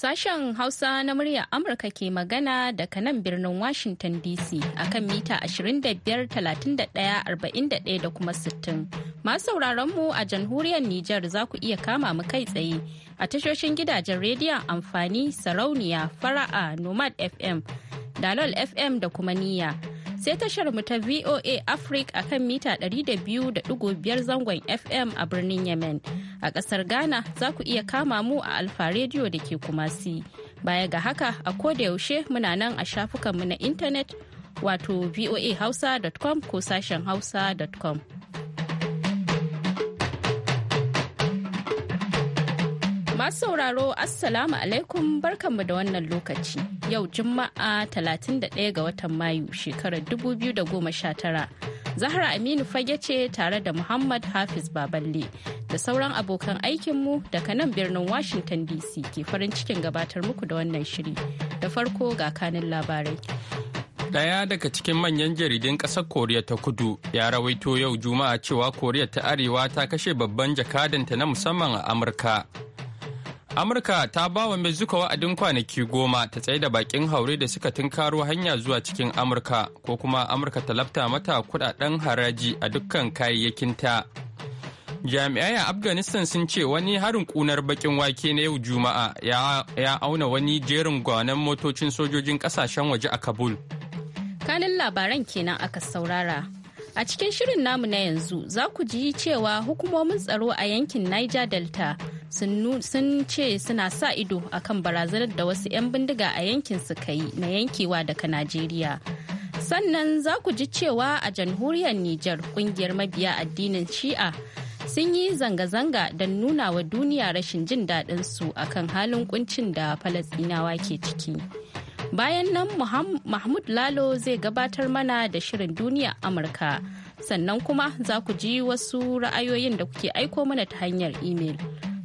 Sashen Hausa na muryar Amurka ke magana daga nan birnin Washington DC akan mita 25-31-41 da kuma 60. Masu sauraronmu a jamhuriyar Nijar za ku iya kama mu kai tsaye a tashoshin gidajen rediyon amfani sarauniya fara'a Nomad FM, Dalol FM da kuma niyya. sai tashar mu ta VOA Africa akan mita 200.5 zangon FM a birnin Yemen. A ƙasar Ghana za ku iya kama mu a Alfa Radio da ke Kumasi. Baya ga haka a yaushe muna nan a shafukanmu na intanet wato voahausa.com ko sashen hausa.com. Masu sauraro Assalamu alaikum barkanmu da wannan lokaci. Yau Juma'a 31 ga watan Mayu shekarar 2019. Zahra Aminu fage ce tare da Muhammad Hafiz Baballe da sauran abokan aikinmu daga nan birnin Washington DC ke farin cikin gabatar muku da wannan shiri. Da farko ga kanin labarai. Daya daga cikin manyan jaridun ƙasar Koriya ta kudu ya rawaito yau Juma'a cewa Koriya ta Arewa ta kashe babban jakadanta na musamman a Amurka. amurka ta ba wa mexico wa'adin kwanaki goma ta tsaye da bakin haure da suka tunkaro hanya zuwa cikin amurka ko kuma amurka ta lafta mata kudaden haraji a dukkan kayayyakinta jami'ai a afghanistan sun ce wani harin kunar bakin wake na yau juma'a ya auna wani jerin gwanon motocin sojojin kasashen waje a kabul kanin labaran kenan aka saurara a cikin shirin namu na yanzu za ku ji cewa hukumomin tsaro a yankin niger delta sun ce suna sa ido akan barazanar da wasu 'yan bindiga a yankin suka yi na yankewa daga najeriya sannan za ku ji cewa a jamhuriyar niger kungiyar mabiya addinin shi'a sun yi zanga-zanga don nuna wa duniya rashin jin daɗin su akan halin kuncin da falasɗinawa ke ciki bayan nan mahmud lalo zai gabatar mana da shirin duniya amurka sannan kuma za ku ji wasu ra'ayoyin da kuke aiko mana ta hanyar imel.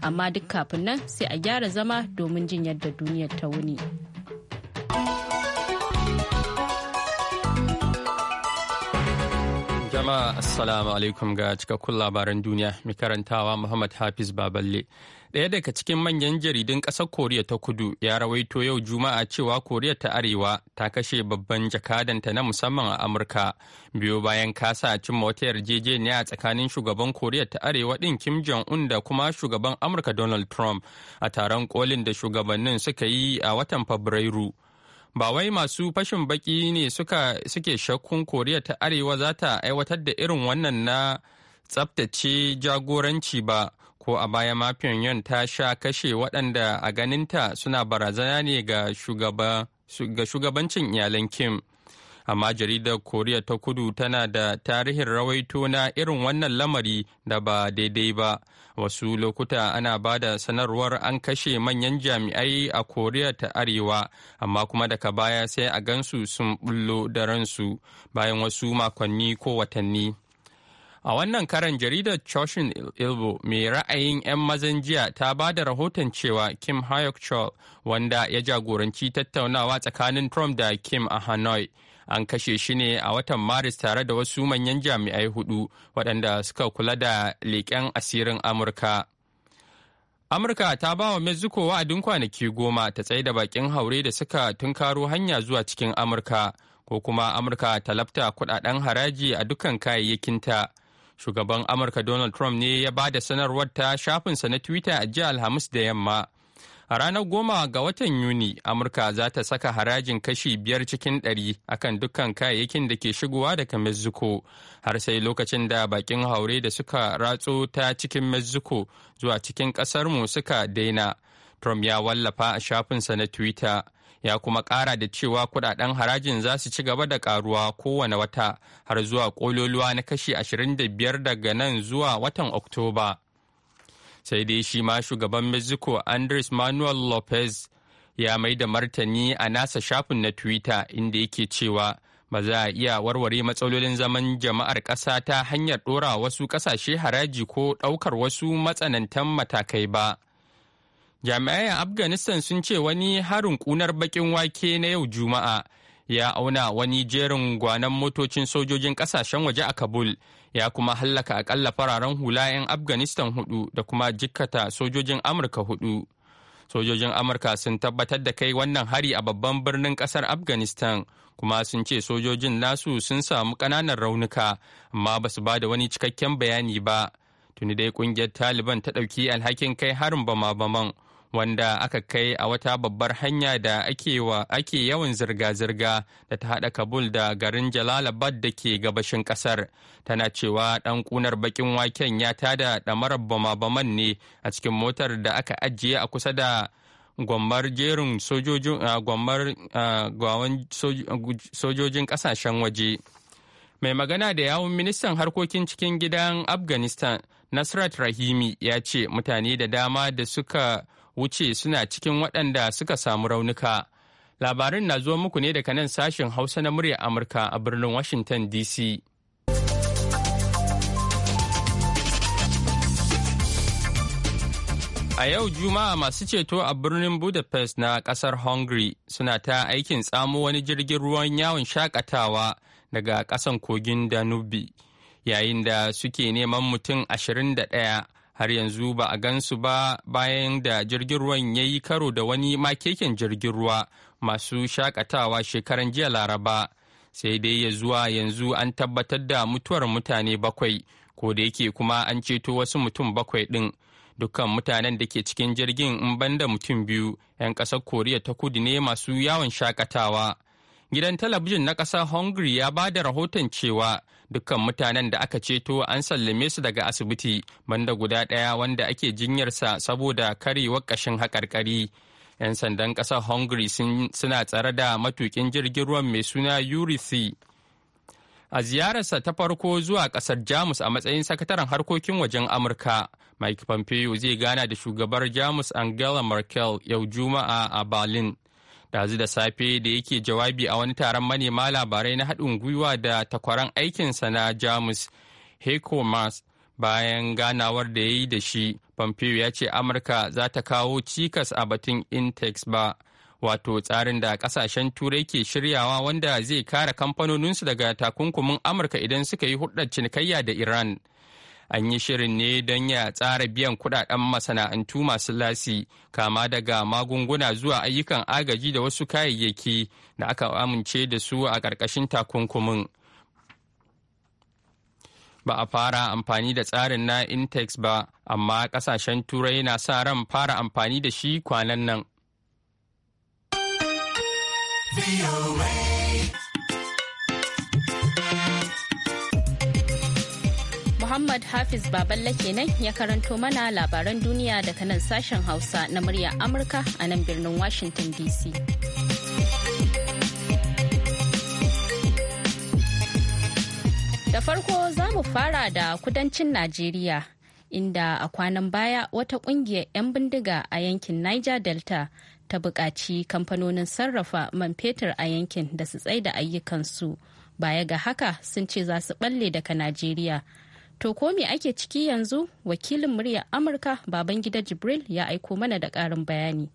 amma duk kafin nan sai a gyara zama domin jin yadda duniyar ta wuni. Jama'a Assalamu alaikum ga cikakkun labaran duniya mai karantawa Muhammad Hafiz Baballe. Ɗaya daga cikin manyan jaridun ƙasar Koriya ta kudu ya rawaito yau Juma'a cewa Koriya ta Arewa ta kashe babban jakadanta na musamman a Amurka biyo bayan kasa a cimma wata yarjejeniya tsakanin shugaban Koriya ta Arewa ɗin Kim Jong-un da kuma shugaban Amurka Donald Trump a taron kolin da shugabannin suka yi a watan Fabrairu. ba wai masu fashin baki ne suka suke shakkun koriya ta arewa za ta aiwatar da irin wannan na tsabtace jagoranci ba ko a baya ma Pyongyang ta sha kashe waɗanda a ganinta suna barazana ne ga shugabancin iyalan Kim. Amma jaridar Koriya ta kudu tana da tarihin rawaito na irin wannan lamari da ba daidai ba. Wasu lokuta ana ba da sanarwar an kashe manyan jami'ai a Koriya ta Arewa, amma kuma daga baya sai a gansu sun bullo da ransu bayan wasu makonni ko watanni. A wannan karan jaridar Choshin Ilbo mai ra'ayin 'yan mazan jiya ta ba da rahoton cewa Kim Hayok Chol wanda ya jagoranci tattaunawa tsakanin Trump da Kim a Hanoi. An kashe shi ne a watan Maris tare da wasu manyan jami'ai hudu waɗanda suka kula da leƙen asirin Amurka. Amurka ta ba wa Mexico wa'adin kwanaki goma ta tsaye da bakin haure da suka tunkaro hanya zuwa cikin Amurka ko kuma Amurka ta lafta kudaden haraji a dukkan kayayyakinta. Shugaban Amurka Donald Trump ne ya ba da sanarwar ta shafinsa na Twitter a jiya Alhamis da yamma. A ranar goma ga watan Yuni, Amurka za ta saka harajin kashi biyar cikin ɗari akan dukkan kayayyakin da ke shigowa daga Mexico, har sai lokacin da bakin haure da suka ratso ta cikin Mexico zuwa cikin ƙasarmu suka daina. Trump ya wallafa a shafinsa na Twitter. ya kuma kara da cewa kudaden harajin za su ci gaba da karuwa kowane wata har zuwa ƙololuwa na kashi 25 daga nan zuwa watan oktoba sai dai shi ma shugaban mexico andres manuel lopez ya mai da martani a nasa shafin na twitter inda yake cewa ba za a iya warware matsalolin zaman jama'ar ƙasa ta hanyar ɗora wasu ƙasashe haraji ko ɗaukar wasu matsanantan matakai ba. jami'ai a afghanistan sun ce wani harin kunar bakin wake na yau juma'a ya auna wani jerin gwanan motocin sojojin kasashen waje a kabul ya kuma hallaka akalla fararen hula 'yan afghanistan hudu da kuma jikkata sojojin amurka hudu sojojin amurka sun tabbatar da kai wannan hari a babban birnin kasar afghanistan kuma sun ce sojojin nasu sun samu kananan raunuka amma ba su ba da wani cikakken bayani ba tuni dai kungiyar taliban ta ɗauki alhakin kai harin bama-baman wanda aka kai a wata babbar hanya da ake yawan zirga-zirga da ta haɗa kabul da garin jalalabad da ke gabashin ƙasar tana cewa ɗan kunar baƙin waken ya tada ɗamarar bama-baman ne a cikin motar da aka ajiye a kusa da gwammar jerin sojojin ƙasashen waje mai magana da yawun ministan harkokin cikin gidan afghanistan nasrat rahimi ya ce mutane da dama da suka wuce suna cikin waɗanda suka samu raunuka. Labarin na zuwa muku ne daga nan sashen Hausa na murya Amurka a birnin Washington DC. A yau Juma'a masu ceto a birnin Budapest na ƙasar Hungary suna ta aikin tsamo wani jirgin ruwan yawon shakatawa daga ƙasan kogin danube yayin da suke neman mutum 21 har yanzu ba a gansu ba bayan da jirgin ruwan ya yi karo da wani makeken jirgin ruwa masu shakatawa shekaran jiya laraba sai dai ya zuwa yanzu an tabbatar da mutuwar mutane bakwai ko da yake kuma an ceto wasu mutum bakwai ɗin dukkan mutanen da ke cikin jirgin in banda mutum biyu 'yan ƙasar koriya ta kudu ne masu yawon shakatawa Gidan talabijin na ƙasar Hungary ya ba da rahoton cewa dukkan mutanen da aka ceto an sallame su daga asibiti banda guda ɗaya wanda ake jinyarsa saboda karewar ƙashin haƙarƙari. 'Yan sandan ƙasar Hungary suna tsare da matukin jirgin ruwan mai suna urithi. A ziyararsa ta farko zuwa ƙasar Jamus a matsayin sakataren harkokin wajen Amurka, Mike Pompeo zai gana da shugabar Jamus Angela Merkel yau Juma'a a Berlin. Dazu da safe da yake jawabi a wani taron manema labarai na haɗin gwiwa da takwaran aikinsa na Jamus, Heiko mas bayan ganawar da ya yi da shi, Pompeo ya ce Amurka za ta kawo cikas a batun Intex ba. Wato tsarin da kasashen turai ke shiryawa wanda zai kare kamfanoninsu daga takunkumin Amurka idan suka yi hulɗar cinikayya da Iran. an yi shirin ne don ya tsara biyan kudaden masana'antu masu lasi kama daga magunguna zuwa ayyukan agaji da wasu kayayyaki da aka amince da su a ƙarƙashin takunkumin ba a fara amfani da tsarin na intex ba amma ƙasashen turai na sa ran fara amfani da shi kwanan nan. Muhammad Hafiz Baballe kenan ya karanto mana labaran duniya daga nan sashen Hausa na murya Amurka a nan birnin Washington DC. Da farko za mu fara da kudancin Najeriya inda a kwanan baya wata kungiyar 'yan bindiga a yankin Niger Delta ta buƙaci kamfanonin sarrafa man fetur a yankin da su tsaida ayyukansu. Baya ga haka sun ce za su balle daga Najeriya. To ko me ake ciki yanzu wakilin muryar Amurka Babangida Jibril ya aiko mana da ƙarin bayani.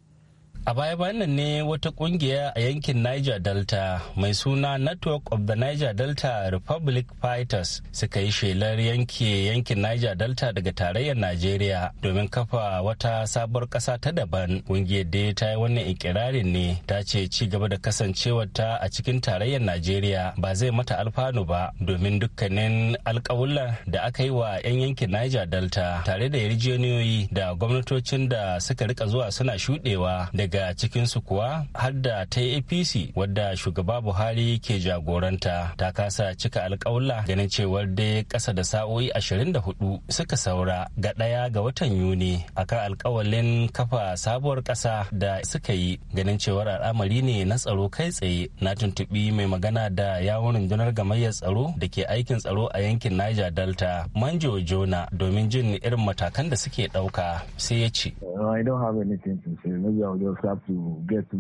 A baya-bayan nan ne wata kungiya a yankin Niger Delta mai suna Network of the Niger Delta Republic Fighters suka yi shelar yanki yankin Niger Delta daga tarayyar Najeriya domin kafa wata sabuwar kasa ta daban. Kungiyar da ta yi wannan ikirarin ne ta ce ci gaba da kasancewarta a cikin tarayyar Najeriya ba zai mata alfanu ba domin dukkanin alƙawulla da aka yi wa 'yan yankin Niger Delta tare da yarjejeniyoyi da gwamnatocin da suka rika zuwa suna shuɗewa daga daga cikinsu kuwa har da ta apc wadda shugaba buhari ke jagoranta ta kasa cika alkawla ganin cewar dai kasa da sa'o'i 24 suka saura ga ɗaya ga watan yuni akan alkawalin kafa sabuwar ƙasa da suka yi ganin cewar al'amari ne na tsaro kai tsaye na tuntubi mai magana da yawon rundunar gamayyar tsaro da ke aikin tsaro a yankin niger delta manjo jona domin jin irin matakan da suke ɗauka sai ya ce just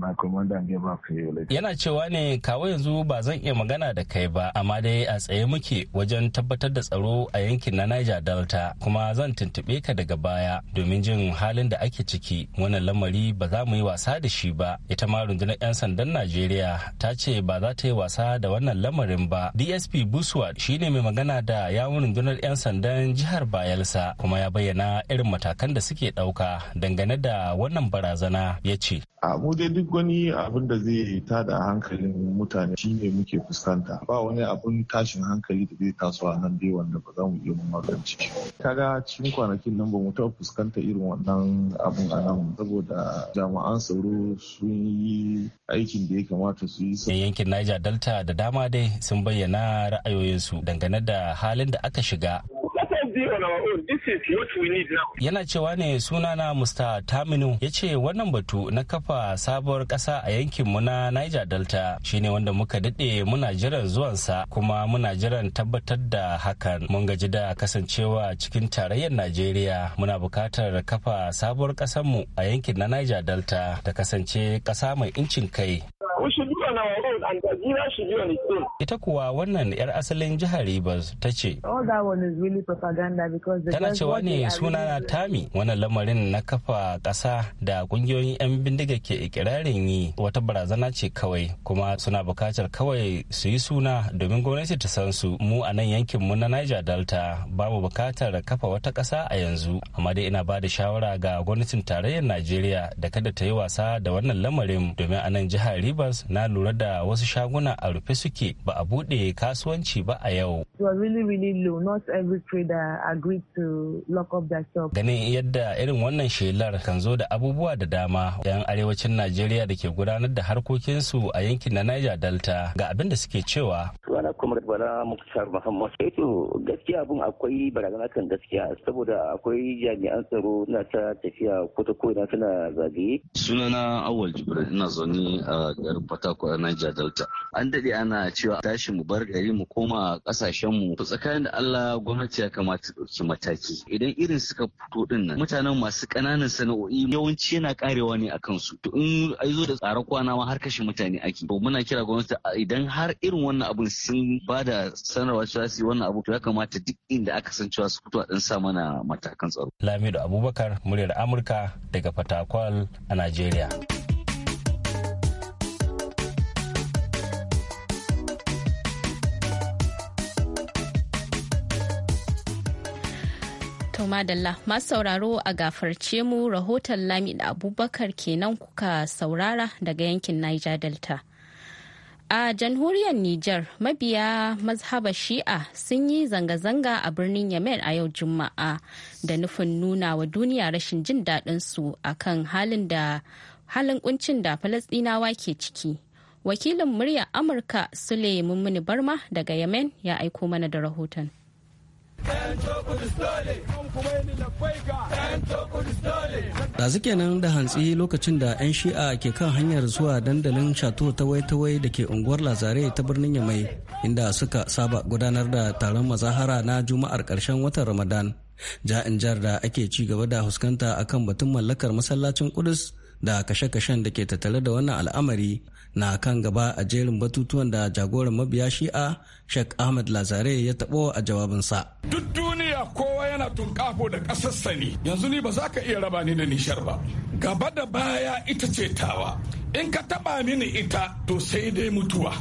Yana cewa ne kawo yanzu ba zan iya magana da kai ba amma dai a tsaye muke wajen tabbatar da tsaro a yankin na Niger Delta kuma zan tuntuɓe ka daga baya domin jin halin da ake ciki wannan lamari ba za mu yi wasa da shi ba ita ma rundunar 'yan sandan Najeriya ta ce ba za ta yi wasa da wannan lamarin ba DSP Buswad shine mai magana da yawun rundunar 'yan sandan jihar Bayelsa kuma ya bayyana irin matakan da suke ɗauka dangane da wannan barazana ya ce ce. A mu dai duk wani abin da zai da hankalin mutane shi ne muke fuskanta. Ba wani abin tashin hankali da zai taso a nan dai wanda ba za mu iya magance shi. Kaga cikin kwanakin nan ba mu taɓa fuskanta irin wannan abin a nan saboda jami'an tsaro sun yi aikin da ya kamata su yi. Yan yankin Niger Delta da dama dai sun bayyana ra'ayoyinsu dangane da halin da aka shiga Yana cewa ne sunana Mr. Taminu ya ce wannan batu na kafa sabuwar kasa a yankinmu na Niger Delta shine wanda muka daɗe muna jiran zuwansa kuma muna jiran tabbatar da hakan. Mun gaji da kasancewa cikin tarayyar Najeriya muna buƙatar kafa sabuwar ƙasarmu a yankin na Niger Delta ta kasance ƙasa mai incin kai. Ita kuwa wannan 'yar asalin jihar Rivers ta ce. Tana cewa ne suna na Tami wannan lamarin na kafa ƙasa da ƙungiyoyin 'yan bindiga ke ikirarin yi wata barazana ce kawai kuma suna buƙatar kawai su yi suna domin gwamnati ta san su mu a nan yankin mu na Niger Delta ba mu buƙatar kafa wata ƙasa a yanzu amma dai ina ba da shawara ga gwamnatin tarayyar Najeriya da kada ta yi wasa da wannan lamarin domin a nan jihar Rivers na lura da wasu wasu shaguna a rufe suke ba a buɗe kasuwanci ba a yau. Ganin yadda irin wannan shelar kan zo da abubuwa da dama 'yan arewacin Najeriya da ke gudanar da harkokinsu a yankin na Niger Delta ga abin da suke cewa. kuma bala muktar muhammad eh to gaskiya abin akwai barazana kan gaskiya saboda akwai jami'an tsaro na ta tafiya ko ta koina suna zagaye sunana awal jibril ina zaune a garin fatako a niger delta an dade ana cewa tashi mu bar gari mu koma kasashen mu to tsakanin da allah gwamnati ya kamata ta dauki mataki idan irin suka fito din nan mutanen masu ƙananan sana'o'i yawanci yana karewa ne a kansu to in ai zo da tsare kwana ma har kashe mutane ake to muna kira gwamnati idan har irin wannan abin sun ba da sanarwa cewa su wannan abu ya kamata duk inda aka san cewa su fito a sa mana matakan tsaro. Lamido Abubakar muryar Amurka daga Fatakwal a Najeriya. madalla masu sauraro a gafarce mu rahoton lamida abubakar kenan kuka saurara daga yankin niger delta A jamhuriyar Nijar mabiya mazhabar Shi'a sun yi zanga-zanga a birnin Yemen a yau Juma'a da nufin nuna wa duniya rashin jin daɗinsu a kan halin da halin kuncin da Falasɗinawa ke ciki. Wakilin muryar Amurka Sule Mummuni Barma daga Yemen ya aiko mana da rahoton. da Ɗazu nan da hantsi lokacin da 'yan shi'a ke kan hanyar zuwa dandalin shato tawai-tawai da ke unguwar lazare ta birnin yamai inda suka saba gudanar da taron mazahara na juma'ar karshen watan ramadan ja'in jar da ake ci gaba da huskanta akan batun mallakar masallacin kudus da kashe-kashen da ke tattare da wannan al'amari na kan gaba a jerin batutuwan da jagoran mabiya shi'a Sheikh Ahmad Lazare ya tabo a jawabinsa. Duk duniya kowa yana tunkafo da ƙasarsa ne, yanzu ni ba za ka iya raba ni da nishar ba. Gaba da baya ita ce tawa, in ka taba mini ita to sai dai mutuwa.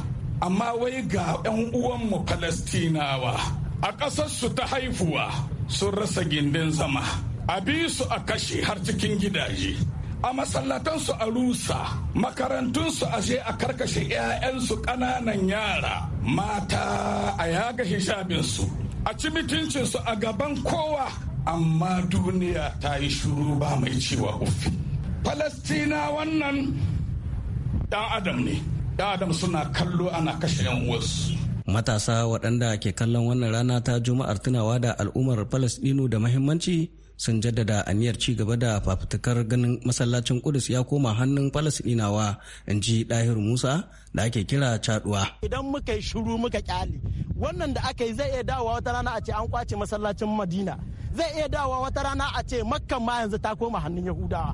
Amma wai ga 'yan uwanmu Falastinawa a ƙasarsu ta haifuwa sun rasa gindin zama, a bi su a kashe har cikin gidaje. a masallatansu a rusa makarantunsu a je a karkashe 'ya'yansu ƙananan yara mata a yaga hijabinsu a ci mutuncinsu a gaban kowa amma duniya ta yi shuru ba mai cewa ufi falastina wannan dan adam ne dan adam suna kallo ana kashe 'yan wasu matasa waɗanda ke kallon wannan rana ta juma'ar tunawa da al'ummar falasɗinu da mahimmanci sun jaddada aniyar ci gaba da fafutukar ganin masallacin kudus ya koma hannun falasdinawa in ji dahir musa da ake kira caduwa idan muka yi shiru muka kyale wannan da aka yi zai iya dawowa wata rana a ce an kwace masallacin madina zai iya dawowa wata rana a ce makkan ma yanzu ta koma hannun yahudawa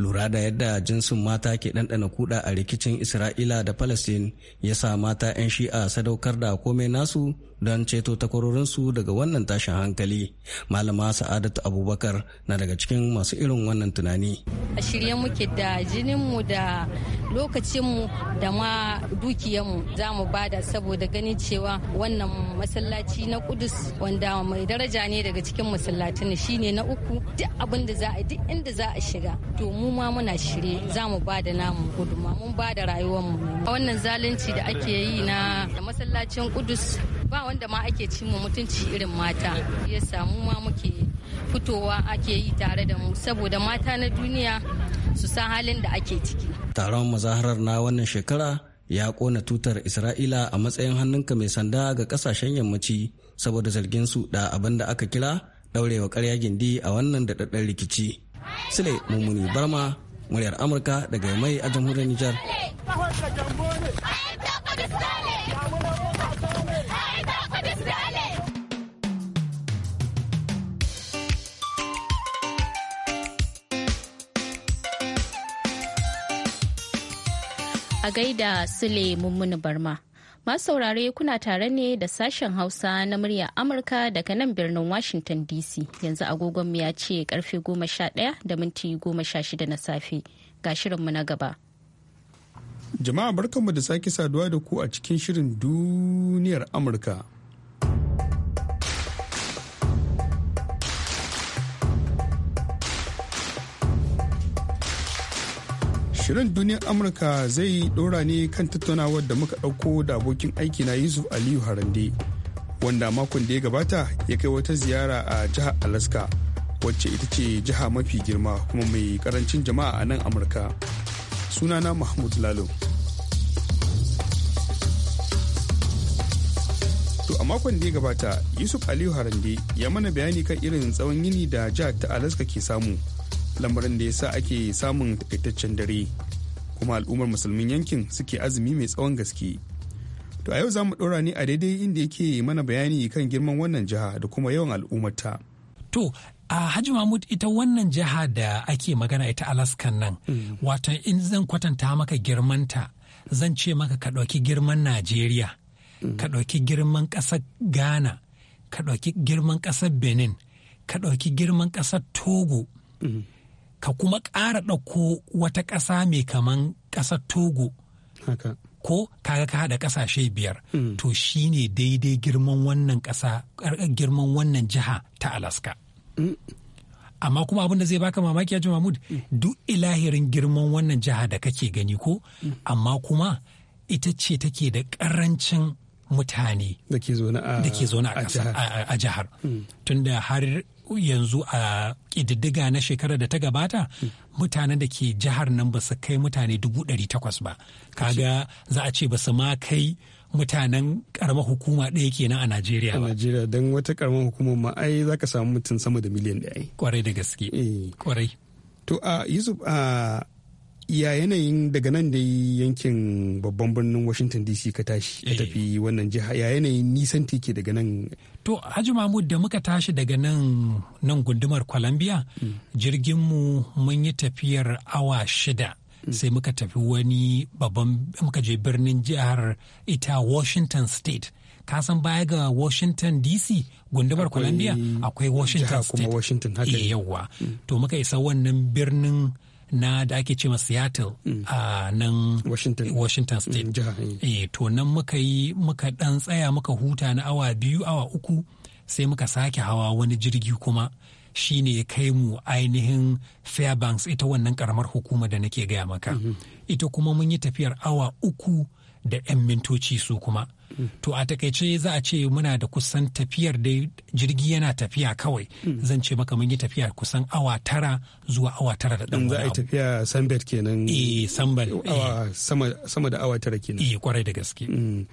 lura da yadda jinsin mata ke ɗanɗana kuɗa a rikicin isra'ila da palestine ya sa mata 'yan shi'a sadaukar da komai nasu don ceto takwarorinsu daga wannan tashin hankali malama sa'adatu abubakar na daga cikin masu irin wannan tunani a shirye muke da jininmu da lokacinmu da ma dukiyanmu za mu bada saboda ganin cewa wannan masallaci na kudus wanda mai daraja ne daga cikin masallatin shine na uku duk abin da za a duk inda za a shiga to mu ma muna shirye za mu bada namu guduma mun bada rayuwarmu wannan zalunci da ake yi na masallacin kudus ba wanda ma ake ci mu mutunci irin mata ya samu ma muke fitowa ake yi tare da mu saboda mata na duniya su san halin da ake ciki taron mazaharar na wannan shekara ya kona tutar isra'ila a matsayin hannunka mai sanda ga kasashen yammaci saboda zargin su da abin da aka kira daurewa karya gindi a wannan daɗaɗɗen rikici sule mummuni barma muryar amurka daga mai a jamhuriyar nijar a gaida Sule Mummuni Barma. Masu saurare kuna tare ne da sashen Hausa na murya Amurka daga nan birnin Washington DC. Yanzu agogon mu ya ce karfe 11 da minti 16 na safe. Ga shirinmu na gaba. Jama'a barkanmu da sake saduwa da ku a cikin shirin duniyar Amurka. Shirin duniyar Amurka zai dora ne kan tattaunawar da muka ɗauko da abokin aiki na Yusuf Aliyu Harande, wanda makon da ya gabata ya kai wata ziyara a jihar Alaska, wacce ita ce jiha mafi girma kuma mai karancin jama'a a nan Amurka. Sunana Mahmud Lalo. To a makon da ya gabata, Yusuf Aliyu Harande ya mana bayani kan irin tsawon yini da jihar ta Alaska ke samu. lamarin da ya sa ake samun takaitaccen dare kuma al'ummar musulmin yankin suke azumi mai tsawon gaske to a yau za mu ɗora ne a daidai inda yake mana bayani kan girman wannan jiha da kuma yawan al'ummarta to a hajji mahmud ita wannan jiha da ake magana ita alaska nan mm. wato in zan kwatanta maka girmanta zan ce maka ka ɗauki girman najeriya mm. ka ɗauki girman ƙasar ghana ka ɗauki girman ƙasar benin ka ɗauki girman ƙasar togo Mm -hmm. ka kuma ƙara ɗauko wata ƙasa mai kaman ƙasar togo ko kaga ka haɗa ƙasashe biyar mm. to ne daidai girman wannan ƙasa er, er, girman wannan jiha ta alaska mm. amma kuma abin da zai baka mamaki ya ji mahmud hmm. duk ilahirin girman wannan jiha da kake gani ko hmm. amma kuma ita ce take da ƙarancin mutane da ke zaune a jihar tunda har yanzu a ƙididdiga na shekarar da ta gabata mutanen da ke jihar nan ba su kai mutane dubu ɗari takwas ba kaga za a ce ba su ma kai mutanen ƙaramar hukuma ɗaya kenan a Najeriya ba. A Najeriya don wata karamar hukuma ma ai za ka samu mutum sama da miliyan ɗaya. Kwarai da gaske. Eh. Kwarai. To a Yusuf a ya yanayin daga nan da yankin babban birnin washington dc ka tashi ka eh. tafi wannan jiha ya yanayin nisan ke daga nan to haji mahmud da muka tashi daga nan nan gundumar columbia hmm. jirginmu mun yi tafiyar awa shida hmm. sai muka tafi wani babban muka je birnin jihar ita washington state kasan baya ga washington dc gundumar columbia akwai washington state eh, yawa hmm. to muka isa wannan birnin na da ake ce ma Seattle mm. a nan Washington State. Mm, eh. Eh, to nan muka yi muka ɗan tsaya muka huta na awa biyu awa uku sai muka sake hawa wani jirgi kuma shi ne ya kai mu ainihin Fairbanks ita wannan karamar hukuma da nake gaya maka. Mm-hmm. Ita kuma mun yi tafiyar awa uku. da 'yan mintoci su kuma to a takaice za a ce muna da kusan tafiyar dai jirgi yana tafiya kawai zan ce maka mun yi tafiya kusan awa tara zuwa awa tara da ɗan za a yi tafiya sambar kenan eh sambar eh. sama da awa tara kenan eh kwarai da gaske mm.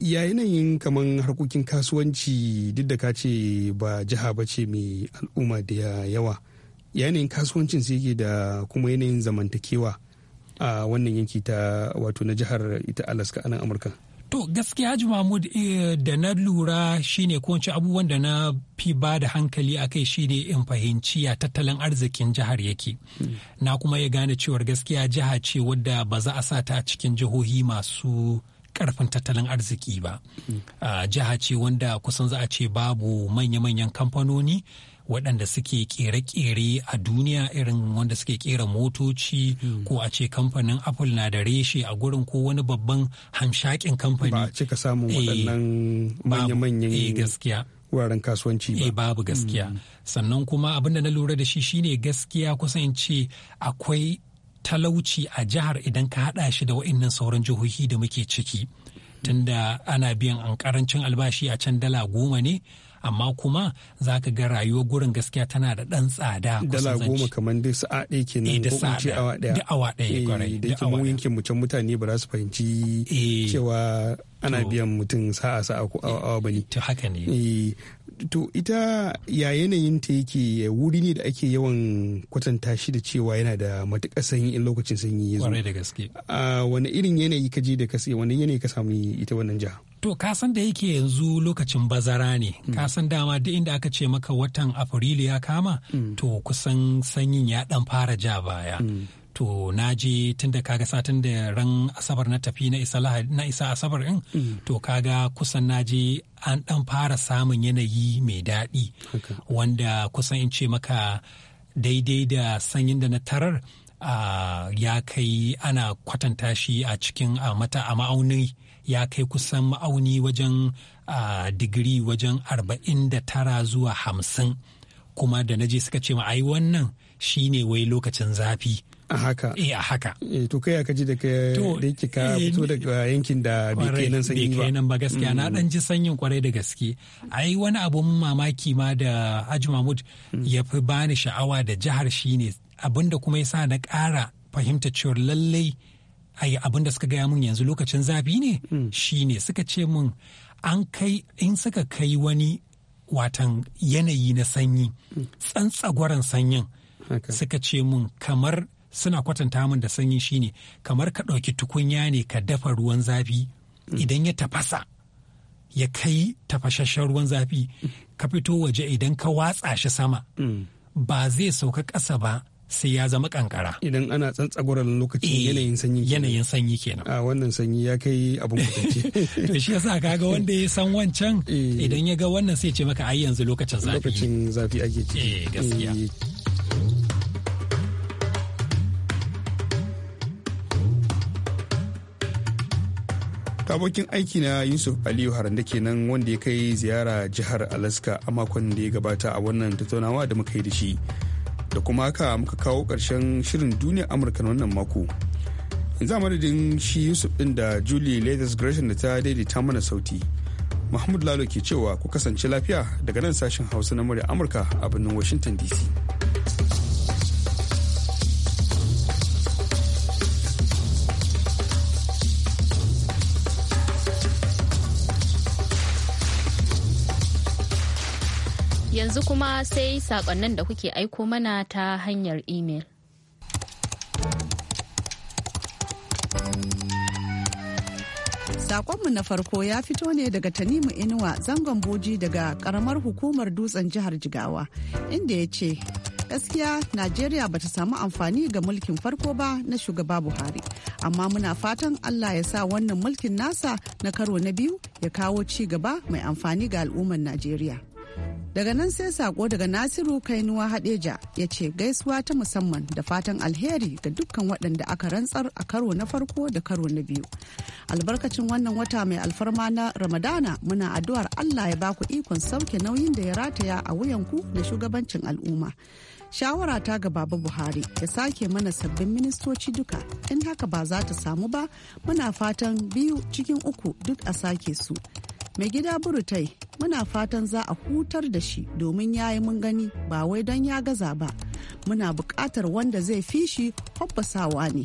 ya yanayin kamar harkokin kasuwanci duk da ka ce ba jiha ba ce mai al'umma da yawa yanayin kasuwancin su yake da kuma yanayin zamantakewa a wannan yanki ta wato na jihar ita alaska a nan amurka To gaskiya Haji Mahmud eh, da na lura shine ko abubuwan da na fi ba da hankali a kai shine in fahimci ya tattalin arzikin jihar yake. Hmm. Na kuma ya gane cewar gaskiya jiha ce wadda ba za a sa ta cikin jihohi masu karfin tattalin arziki ba. Hmm. Ah, jiha ce wanda kusan za a ce babu manya-manyan kamfanoni waɗanda suke kere-kere a duniya irin wanda suke kera motoci hmm. ko a ce kamfanin apple na da reshe a gurin ko wani babban hamshakin kamfani ba cika samun eh, waɗannan manya-manyan eh, gaskiya wuraren kasuwanci ba. Eh, babu gaskiya. Hmm. Sannan kuma abin da na lura da shi shine gaskiya kusan ce akwai talauci a jihar idan ka haɗa shi da wa'innan sauran jihohi da muke ciki. Tunda ana biyan an karancin albashi a can dala goma ne, amma kuma za ka ga rayuwar gurin gaskiya tana da ɗan tsada dala goma kamar dai sa'a ɗaya nan eh, ko in ce awa ɗaya da awa ɗaya eh, kwarai da yake mu yankin mu can mutane ba za su fahimci eh. cewa ana biyan mutum sa'a sa'a ko awa awa bane to haka ne to ita ya yanayin ta yake wuri ne da ake yawan kwatanta shi da cewa yana da matuƙar sanyi in lokacin sanyi ya zo da gaske wani irin yanayi ka je da ka sai wani yanayi ka samu ita wannan jiha to ka san da yake yanzu lokacin bazara ne mm. ka san dama duk inda aka ce maka watan afrilu ya kama mm. to kusan sanyin ya dan fara ja baya mm. to na je tun da kaga satin da ran asabar na tafi na isa na asabar din mm. to kaga kusan na je an dan fara samun yanayi mai daɗi wanda kusan in ce maka daidai da sanyin da na tarar Uh, ya kai ana kwatanta shi a cikin a mata a ma'auni ya kai kusan ma'auni wajen uh, digiri wajen arba'in da tara zuwa hamsin kuma da naje suka ce ma'ai wannan shine wai lokacin zafi a haka eh haka eh, to kai aka ji da ka ka eh, fito daga yankin da bai nan sanyi ba nan ba gaskiya na mm. dan ji sanyin kwarai da gaske ai wani abun mamaki ma da Haji Mahmud mm. ya fi bani sha'awa da jihar shine abinda kuma yasa na ƙara fahimta cewa lallai ai abin da suka gaya mun yanzu lokacin zafi ne mm. shine suka ce mun an kai in suka kai wani watan yanayi na sanyi tsantsagwaran sanyin suka ce mun kamar suna kwatanta min da sanyi shine kamar ka ɗauki tukunya ne ka dafa ruwan zafi idan ya tafasa ya kai tafashashen ruwan zafi ka fito waje idan ka watsa shi sama ba zai sauka ƙasa ba sai ya zama kankara. Idan ana tsantsagoran lokacin yanayin eh, sanyi. Yanayin sanyi kenan. A ah, wannan sanyi ya kai abun kwatance. To shi yasa kaga wanda ya san wancan eh. idan ya ga wannan sai ce maka ai yanzu lokacin zafi. Lokacin zafi ake ciki. Eh gaskiya. Mm. abokin aiki na yusuf aliyu da kenan wanda ya kai ziyara jihar alaska a makon da ya gabata a wannan tattaunawa da muka yi da shi da kuma haka muka kawo ƙarshen shirin duniya amurka na wannan mako yanzu a madadin shi yusuf din da julie latest gresham da ta daidaita mana sauti mahmud lalo ke cewa ku kasance lafiya daga nan sashen hausa na murya amurka a birnin washington dc yanzu kuma sai sakonnin da kuke aiko mana ta hanyar imel. Sakonmu na farko ya fito ne daga Tanimu Inuwa zangon boji daga karamar hukumar dutsen jihar Jigawa inda ya ce gaskiya Najeriya bata samu amfani ga mulkin farko ba na shugaba Buhari amma muna fatan Allah ya sa wannan mulkin nasa na karo na biyu ya kawo ci gaba mai amfani ga al'ummar Najeriya. daga nan sai sako daga nasiru kainuwa hadeja ya ce gaisuwa ta musamman da fatan alheri ga dukkan waɗanda aka rantsar a karo na farko da karo na biyu albarkacin wannan wata mai alfarma na ramadana muna addu'ar allah ya baku ikon sauke nauyin da ya rataya a wuyanku da shugabancin al'umma shawara ta ga baba buhari ya sake mana sabbin ministoci duka in haka ba za ta samu ba muna fatan biyu cikin uku duk a sake su mai gida burutai muna fatan za a hutar da shi domin ya yi mun gani ba wai don ya gaza ba muna buƙatar wanda zai fi shi hobbasawa ne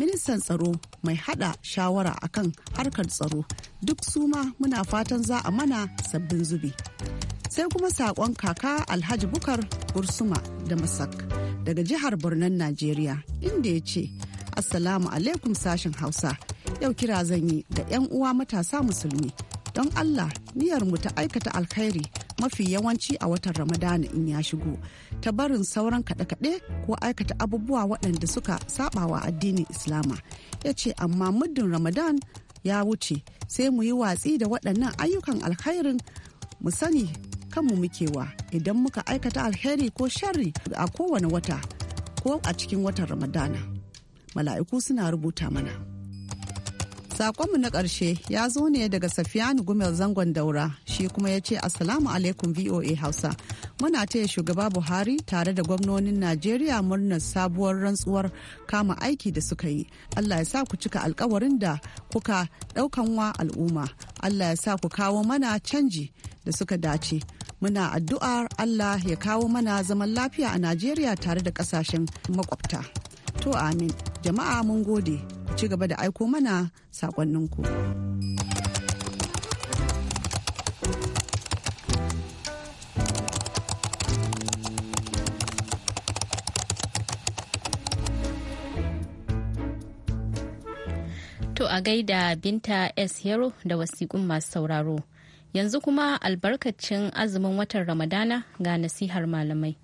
ministan tsaro mai hada shawara akan harkar tsaro duk su ma muna fatan za a mana sabbin zubi sai kuma saƙon kaka alhaji bukar bursuma da masak daga jihar birnin najeriya inda ya ce assalamu alaikum sashen hausa yau kira zan yi ga 'yan uwa matasa musulmi don Allah niyyar mu ta aikata alkhairi mafi yawanci a watan Ramadana in ya shigo ta barin sauran kaɗe-kaɗe ko aikata abubuwa waɗanda suka sabawa addinin Islama ya ce amma muddin Ramadan ya wuce sai mu yi watsi da waɗannan ayyukan alkhairin mu sani kanmu mukewa idan muka aikata alheri ko sharri a kowane wata ko a cikin watan Ramadana mala'iku suna rubuta mana. Sakonmu na ƙarshe ya zo ne daga Safiyanu Gumel zangon daura shi kuma ya ce Assalamu alaikum VOA Hausa. Muna taya shugaba Buhari tare da gwamnonin Najeriya murnar sabuwar rantsuwar kama aiki da suka yi. Allah ya sa ku cika alkawarin da kuka ɗaukan wa al'umma. Allah ya sa ku kawo mana canji da suka dace. Muna addu'ar Allah ya kawo mana zaman lafiya a Najeriya tare da ƙasashen makwabta. To amin. Jama'a mun gode. ku Ci gaba da aiko mana sakonninku. To a gaida Binta S. Hero da wasiƙun masu sauraro. Yanzu kuma albarkacin azumin watan Ramadana ga nasihar malamai.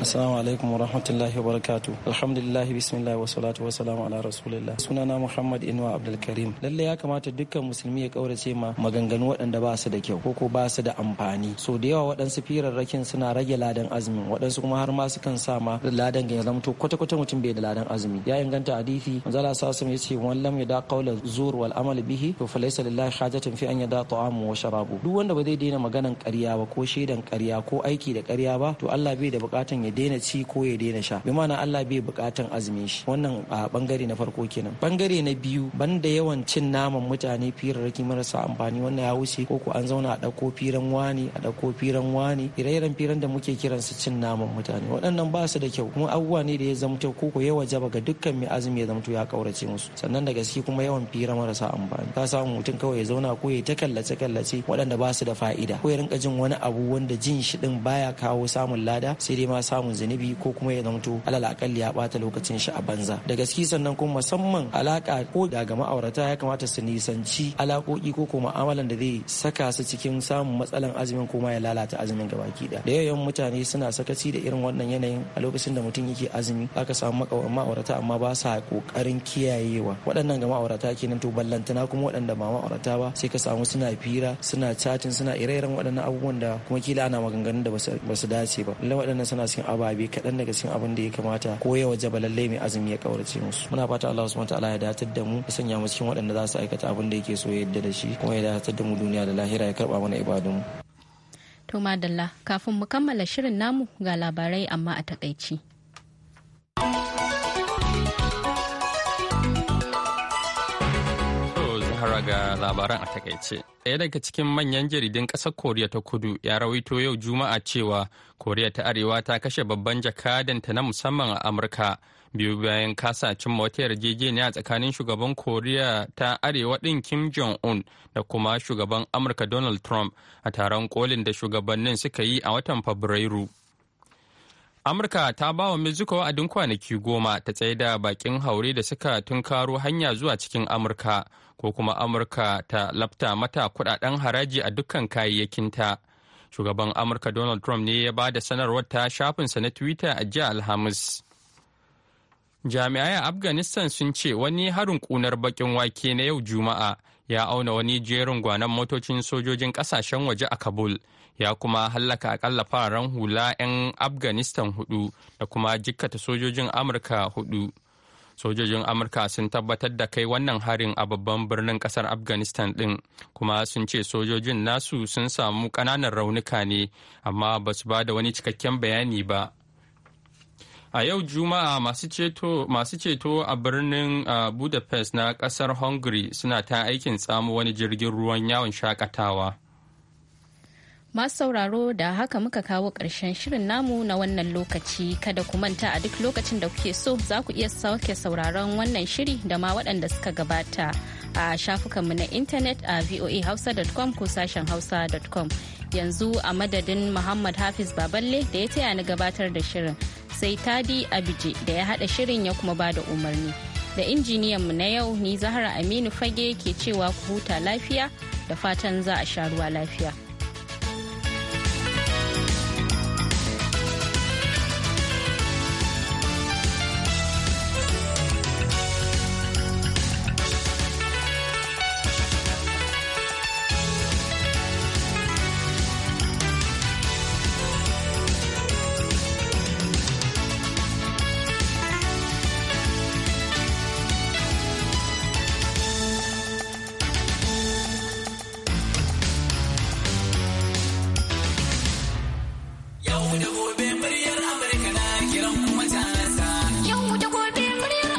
Assalamu alaikum wa rahmatullahi wa barakatu. Alhamdulillahi bismillah wa salatu wa salamu ala rasulillah. Sunana Muhammad Inuwa Abdulkarim. Lalle ya kamata dukkan musulmi ya kaurace ma maganganu waɗanda ba su da kyau ko ko ba su da amfani. So da yawa waɗansu firarrakin suna rage ladan azumin waɗansu kuma har ma su kan sa ma ladan ga ya zamto kwata kwata mutum bai da ladan azumi. Ya inganta hadisi manzala sasum ya ce wan lam yada qawla zur wal amal bihi to falaysa lillahi hajatun fi an yada ta'amu wa sharabu. Duk wanda ba zai daina maganan ƙarya ba ko shaidan ƙarya ko aiki da ƙarya ba to Allah bai da buƙatan ya ya daina ci ko ya daina sha bi ma'ana Allah bai bukatan azumin shi wannan a bangare na farko kenan bangare na biyu banda yawan cin naman mutane firarraki marasa amfani wannan ya wuce ko an zauna a dauko firan wani a dauko firan wani ire-iren firan da muke kiran su cin naman mutane waɗannan ba su da kyau kuma abubuwa ne da ya zamto ko ko yawa jaba ga dukkan mai azumi ya zamto ya kaurace musu sannan da gaske kuma yawan fira marasa amfani ka samu mutum kawai ya zauna ko ya ta kallace kallace waɗanda ba su da fa'ida ko ya rinka jin wani abu wanda jin shi din baya kawo samun lada sai dai ma samun samun zunubi ko kuma ya zamto alal akalli ya bata lokacin shi a banza da gaske sannan kuma musamman alaka ko da ga ma'aurata ya kamata su nisanci alakoki ko kuma amalan da zai saka su cikin samun matsalan azumin ko ma ya lalata azumin gabaki da da yayin mutane suna sakaci da irin wannan yanayin a lokacin da mutum yake azumi aka samu ma'aurata amma ba sa kokarin kiyayewa waɗannan ga ma'aurata kenan to ballantana kuma waɗanda ba ma'aurata ba sai ka samu suna fira suna catin suna ire-iren waɗannan abubuwan da kuma kila ana maganganun da ba su dace ba lallai waɗannan suna cikin cikin ababe kaɗan daga cikin abin da ya kamata ko ya waje lallai mai azumi ya kaurace musu muna fata Allah subhanahu wataala ya datar da mu ya sanya mu cikin waɗanda za su aikata abin da yake so ya yadda da shi kuma ya datar da mu duniya da lahira ya karba mana ibadun mu to madalla kafin mu kammala shirin namu ga labarai amma a takaici Hara ga labaran a takaice. Ɗaya daga cikin manyan jaridun ƙasar Koriya ta kudu ya rawaito yau Juma'a cewa Koriya ta Arewa ta kashe babban jakadanta na musamman a Amurka. Biyu bayan kasa cimma wata yarjejeniya tsakanin shugaban Koriya ta Arewa ɗin Kim Jong-un da kuma shugaban Amurka Donald Trump a taron kolin da shugabannin suka yi a watan Fabrairu. Amurka ta ba wa Mexico wa'adin kwanaki goma ta tsaye da bakin haure da suka tunkaro hanya zuwa cikin Amurka ko kuma Amurka ta lafta mata kudaden haraji a dukkan kayayyakinta. Shugaban Amurka Donald Trump ne ya ba da sanarwar ta shafinsa na Twitter a jiya Alhamis. Jami'ai a Afghanistan sun ce wani harin kunar bakin wake na yau Juma'a ya auna wani jerin gwanon motocin sojojin kasashen waje a Kabul. ya kuma hallaka akalla fararen hula 'yan afghanistan hudu da kuma jikkata sojojin amurka hudu sojojin amurka sun tabbatar da kai wannan harin a babban birnin kasar afghanistan din kuma sun ce sojojin nasu sun samu kananan raunuka ne amma ba su ba da wani cikakken bayani ba a yau juma'a masu ceto a birnin budapest na kasar hungary suna ta aikin tsamo wani jirgin ruwan yawon shakatawa Masu sauraro da haka muka kawo ƙarshen shirin namu na wannan lokaci kada ku manta a duk lokacin da kuke so za ku iya sauke sauraron wannan shiri da ma waɗanda suka gabata a shafukanmu na intanet a voahausa.com ko sashen hausa.com yanzu a madadin Muhammad Hafiz Baballe da ya taya ni gabatar da shirin sai Tadi Abije da ya haɗa shirin ya kuma bada umarni. Da injiniyan mu na yau ni Zahra Aminu Fage ke cewa ku huta lafiya da fatan za a sha ruwa lafiya.